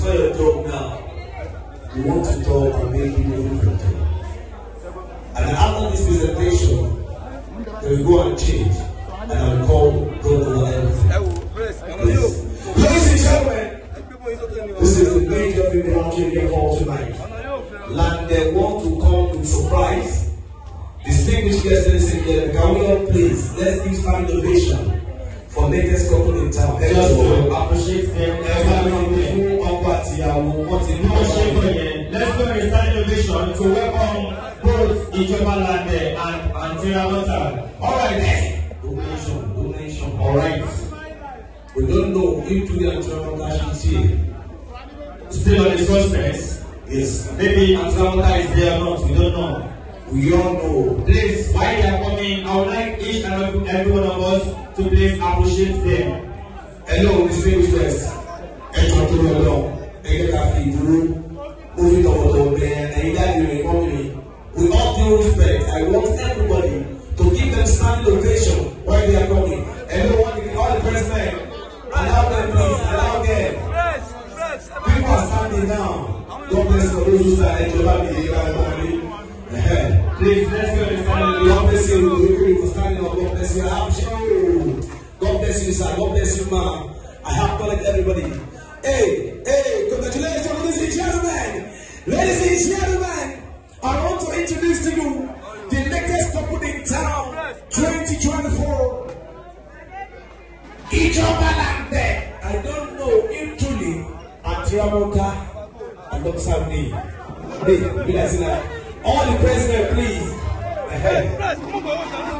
Spirit of God, we want to talk and make you everything. And after this presentation, they will go and change, and I call God over everything. Ladies and gentlemen, this is the major people here for tonight. Like they want to come with surprise. Distinguished guests, in and can we all please, let's give stand ovation for latest couple in town. ẹ just to appreciate them. ẹ bá mi ní fún ọkọ àtìyàwó wọn ti ní ọṣẹ ìgbọ̀nyẹn. let's go in style innovation to welcome both Ijoba Lande and Antina Water. alright. donation donation. All right. we don't know if Julia Antina Water is here. still on the suspense. yes. maybe Antina Water is there or not we don't know. We all know. Please, while they are coming, I would like each and every one of us to please appreciate them. Hello, we say it first. Ẹ̀jọ̀ tó lọ lọ, ẹ̀jẹ̀ ká fi ìdúró, ó fi tọ̀wọ̀tọ̀wọ̀ bẹ̀rẹ̀ ẹ̀yìn jáde rẹ̀ kọ́ mi. With all due respect, I want everybody to give them standing ovation while they are coming. Everyone, all the president, allow them please, allow them. People are standing now. God bless you, those who stand, ẹ̀jọ̀ bá mi, ẹ̀jọ̀ Please, let's go inside. God bless you. We will stand up. God bless you. I have you. God bless you, sir. God bless you, ma'am. I have connected everybody. Hey, hey, congratulations, ladies and gentlemen. Ladies and gentlemen, I want to introduce to you the latest couple in town 2024. Ijobalande. I don't know him truly. Atiamoka and Dr. Sam Lee. Hey, you guys see that? All the president, there, please. Ahead.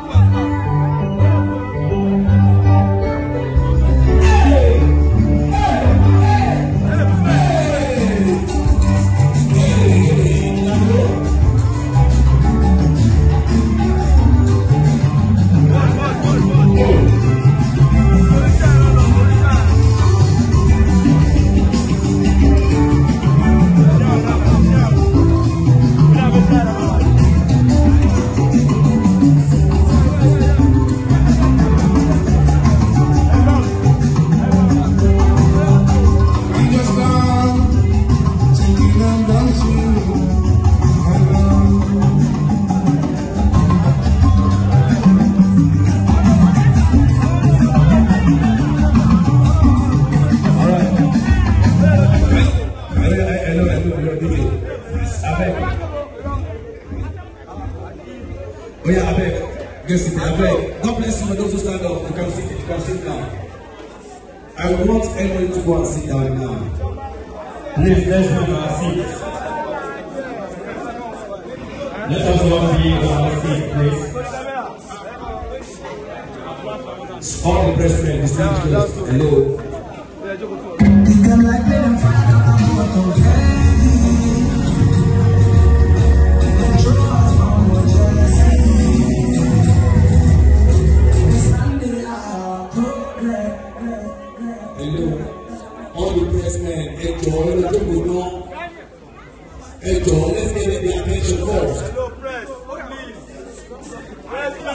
abeg oya abeg get seated abeg God bless you for those stand up you can sit you can sit down I want everyone to go and sit down now please let's go and sit. let us all be on our seat please all the president distinguished hello. ẹ jọ̀ọ́ ẹ lọ́dún gbogbo ẹ jọ̀ọ́ let's get the attention first.